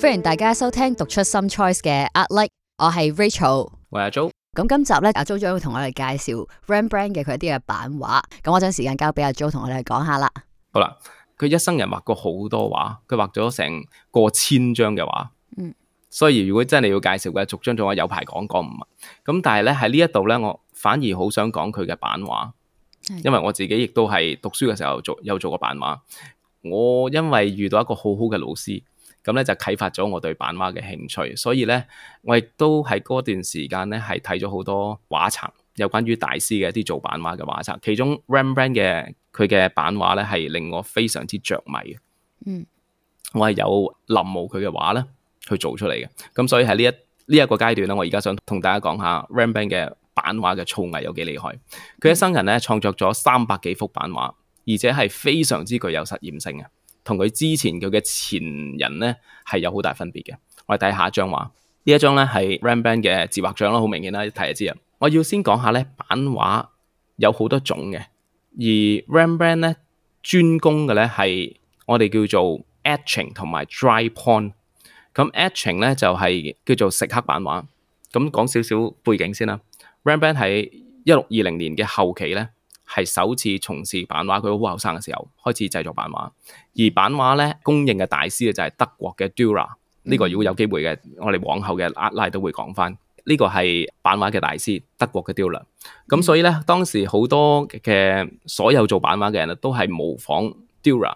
歡迎大家收聽讀出 Some Choice 嘅 Art Like，我係 Rachel，我係阿 Jo。咁今集咧，阿 Jo 將會同我哋介紹 Rembrandt 嘅佢一啲嘅版畫。咁我將時間交俾阿 Jo 同我哋講下啦。好啦，佢一生人畫過好多畫，佢畫咗成過千張嘅畫。嗯，所以如果真係要介紹嘅，逐張仲有有排講講唔埋。咁但係咧，喺呢一度咧，我反而好想講佢嘅版畫，的因為我自己亦都係讀書嘅時候做又做過版畫。我因為遇到一個好好嘅老師。咁咧就啟發咗我對版畫嘅興趣，所以咧我亦都喺嗰段時間咧係睇咗好多畫冊有關於大師嘅一啲做版畫嘅畫冊，其中 Rembrandt 嘅佢嘅版畫咧係令我非常之着迷嘅。嗯，我係有臨摹佢嘅畫咧去做出嚟嘅，咁所以喺呢一呢一、這個階段咧，我而家想同大家講下 Rembrandt 嘅版畫嘅造詣有幾厲害。佢一生人咧創作咗三百幾幅版畫，而且係非常之具有實驗性嘅。同佢之前佢嘅前人咧係有好大分別嘅。我哋睇下一張畫，呢一張咧係 Rembrandt 嘅自畫像咯，好明顯啦，一睇就知啊。我要先講下咧版畫有好多種嘅，而 Rembrandt 咧專攻嘅咧係我哋叫做 etching 同埋 drypoint。咁 etching 咧就係、是、叫做蝕刻版畫。咁講少少背景先啦。Rembrandt 喺一六二零年嘅後期咧，係首次從事版畫，佢好後生嘅時候開始製作版畫。而版畫咧，公認嘅大師就係德國嘅 Durer。呢個如果有機會嘅，我哋往後嘅拉拉都會講返。呢個係版畫嘅大師，德國嘅 Durer。咁所以咧，當時好多嘅所有做版畫嘅人咧，都係模仿 Durer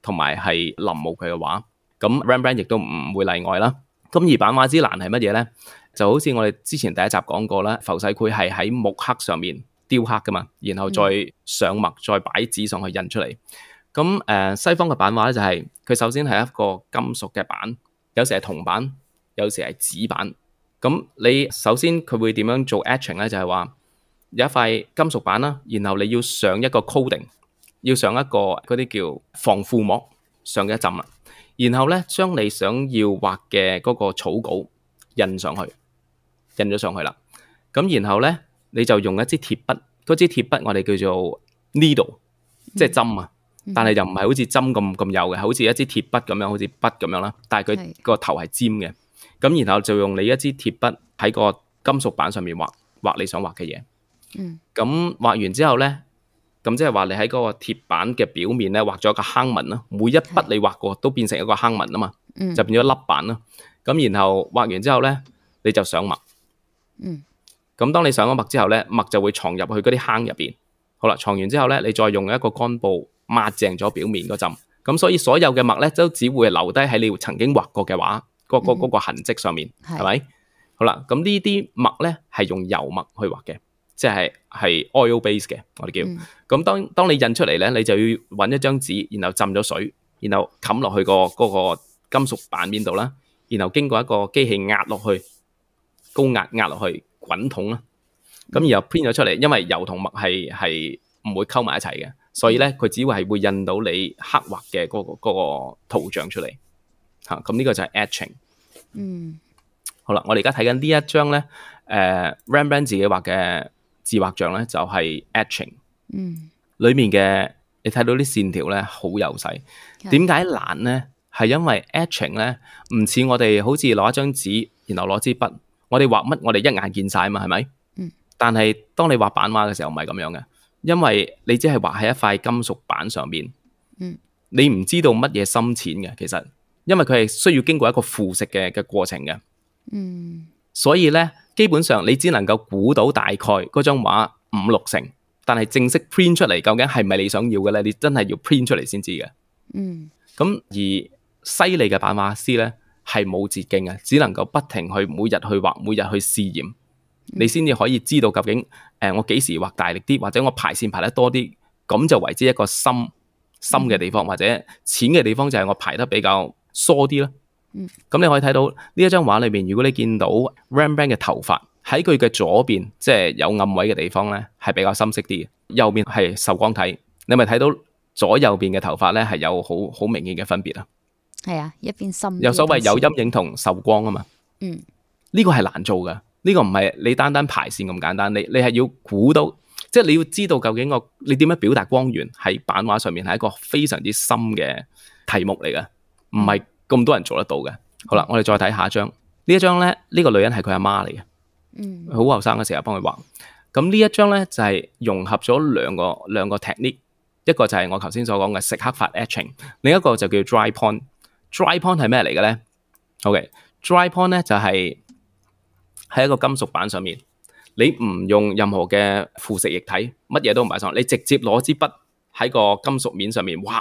同埋係臨摹佢嘅畫。咁 Rembrandt 亦都唔會例外啦。咁而版畫之難係乜嘢咧？就好似我哋之前第一集講過啦，浮世繪係喺木刻上面。雕刻噶嘛，然後再上墨，再擺紙上去印出嚟。咁誒、呃，西方嘅版畫咧就係、是、佢首先係一個金屬嘅板，有時係銅板，有時係紙板。咁你首先佢會點樣做 etching 咧？就係、是、話有一塊金屬板啦，然後你要上一個 coating，要上一個嗰啲叫防腐膜上一浸啦，然後咧將你想要畫嘅嗰個草稿印上去，印咗上去啦。咁然後咧。你就用一支鐵筆，嗰支鐵筆我哋叫做 needle，即係針啊。嗯嗯、但係又唔係好似針咁咁幼嘅，好似一支鐵筆咁樣，好似筆咁樣啦。但係佢個頭係尖嘅。咁是然後就用你一支鐵筆喺個金屬板上面畫畫你想畫嘅嘢。咁、嗯、畫完之後呢，咁即係話你喺嗰個鐵板嘅表面咧畫咗個坑紋啦。每一筆你畫過都變成一個坑紋啊嘛，是嗯、就變咗粒板啦。咁然後畫完之後呢，你就上墨。嗯咁當你上咗墨之後咧，墨就會藏入去嗰啲坑入邊。好啦，藏完之後咧，你再用一個乾布抹淨咗表面嗰浸。咁所以所有嘅墨咧，都只會留低喺你曾經畫過嘅畫嗰個嗰個痕跡上面，係咪？好啦，咁呢啲墨咧係用油墨去畫嘅，即係係 oil base 嘅，我哋叫。咁當當你印出嚟咧，你就要揾一張紙，然後浸咗水，然後冚落去個嗰個金屬板面度啦，然後經過一個機器壓落去，高壓壓落去。滾筒啦，咁然後編咗出嚟，因為油同墨係係唔會溝埋一齊嘅，所以咧，佢只會係會印到你刻畫嘅嗰個嗰個圖像出嚟吓，咁呢個就係 etching。嗯，嗯，好啦，我哋而家睇緊呢一張咧，誒、呃、Rembrandt 自己畫嘅自畫像咧，就係、是、etching。嗯，裏面嘅你睇到啲線條咧好幼細，點解難咧？係因為 etching 咧唔似我哋好似攞一張紙，然後攞支筆。我哋畫乜？我哋一眼見晒嘛，係咪？嗯。但係當你畫版畫嘅時候，唔係咁樣嘅，因為你只係畫喺一塊金屬板上面，嗯。你唔知道乜嘢深淺嘅，其實，因為佢係需要經過一個腐蝕嘅嘅過程嘅。嗯。所以咧，基本上你只能夠估到大概嗰張畫五六成，但係正式 print 出嚟究竟係咪你想要嘅咧？你真係要 print 出嚟先知嘅。嗯。咁，嗯，而犀利嘅版畫師咧，係冇捷徑嘅，只能夠不停去每日去畫，每日去試驗，你先至可以知道究竟誒、呃，我幾時畫大力啲，或者我排線排得多啲，咁就為之一個深深嘅地方，或者淺嘅地方就係我排得比較疏啲咯。嗯，咁你可以睇到呢一張畫裏面，如果你見到 Rembrandt 嘅頭髮喺佢嘅左邊，即係有暗位嘅地方咧，係比較深色啲；右邊係受光體。你咪睇到左右邊嘅頭髮咧，係有好好明顯嘅分別啊！係啊，一邊深有所謂，有陰影同受光啊嘛。嗯，呢個係難做嘅，呢個唔係你單單排線咁簡單，你你係要估到，即係你要知道究竟個你點樣表達光源，喺版畫上面係一個非常之深嘅題目嚟嘅，唔係咁多人做得到嘅。好啦，我哋再睇下一張。呢一張咧，呢個女人係佢阿媽嚟嘅，嗯，好後生嘅時候幫佢畫。咁呢一張咧就係融合咗兩個兩個 technique，一個就係我頭先所講嘅蝕刻法 etching，另一個就叫 dry point。dry point 係咩嚟嘅咧？OK，dry point 咧就係喺一個金屬板上面，你唔用任何嘅腐蝕液體，乜嘢都唔係上，你直接攞支筆喺個金屬面上面畫。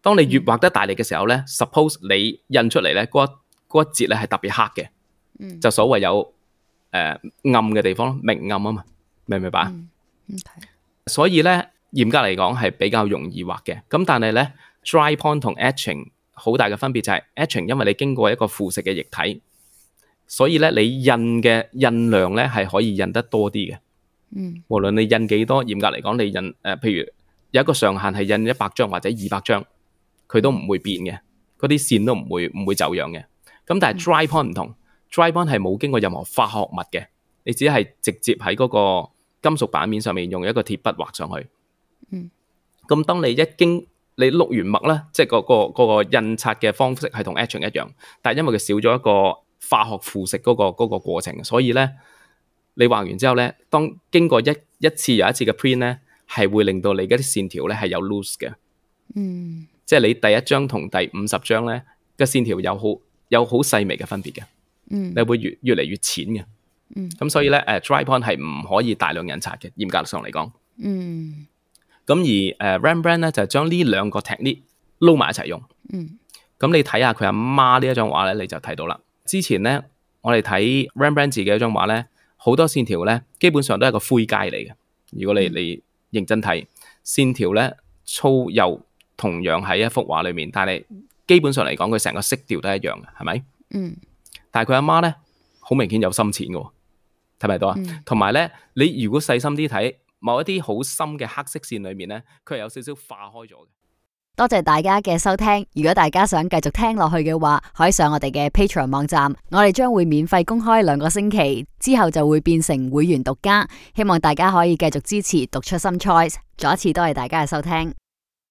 當你越畫得大力嘅時候咧，suppose 你印出嚟咧，嗰一嗰一節咧係特別黑嘅，就所謂有誒暗嘅地方咯，明暗啊嘛，明唔明白？所以咧嚴格嚟講係比較容易畫嘅，咁但係咧 dry point 同 etching。好大嘅分別就係 etching，因為你經過一個腐蝕嘅液體，所以咧你印嘅印量咧係可以印得多啲嘅。嗯，無論你印幾多，嚴格嚟講，你印誒，譬如有一個上限係印一百張或者二百張，佢都唔會變嘅，嗰啲線都唔會唔會走樣嘅。咁但係 dry point 唔同，dry point 係冇經過任何化學物嘅，你只係直接喺嗰個金屬版面上面用一個鐵筆畫上去。嗯，咁當你一經你碌完墨咧，即係嗰、嗰個、嗰個印刷嘅方式係同 etching 一樣，但係因為佢少咗一個化學腐蝕嗰、嗰個嗰、嗰個、過程，所以咧你畫完之後咧，當經過一一次又一次嘅 print 咧，係會令到你嘅啲線條咧係有 lose lo 嘅，嗯，即係你第一張同第五十張咧嘅線條有好有好細微嘅分別嘅，嗯，你會越越嚟越淺嘅，嗯，咁所以咧，誒 drypoint 係唔可以大量印刷嘅，嚴格上嚟講，嗯。咁而誒 Rembrandt 咧就將、是、呢兩個 technique 撈埋一齊用。嗯，咁你睇下佢阿媽，媽一呢一張畫咧，你就睇到啦。之前咧，我哋睇 Rembrandt 自己一張畫咧，好多線條咧，基本上都係個灰階嚟嘅。如果你你認真睇、嗯、線條咧粗幼同樣喺一幅畫裏面，但係基本上嚟講，佢成個色調都一樣嘅，係咪？嗯。但係佢阿媽咧，好明顯有深淺嘅，睇唔睇到啊？同埋咧，你如果細心啲睇。某一啲好深嘅黑色線裏面呢，佢係有少少化開咗嘅。多謝大家嘅收聽，如果大家想繼續聽落去嘅話，可以上我哋嘅 Patreon 網站，我哋將會免費公開兩個星期，之後就會變成會員獨家。希望大家可以繼續支持讀出 Some Choice，再一次多謝大家嘅收聽。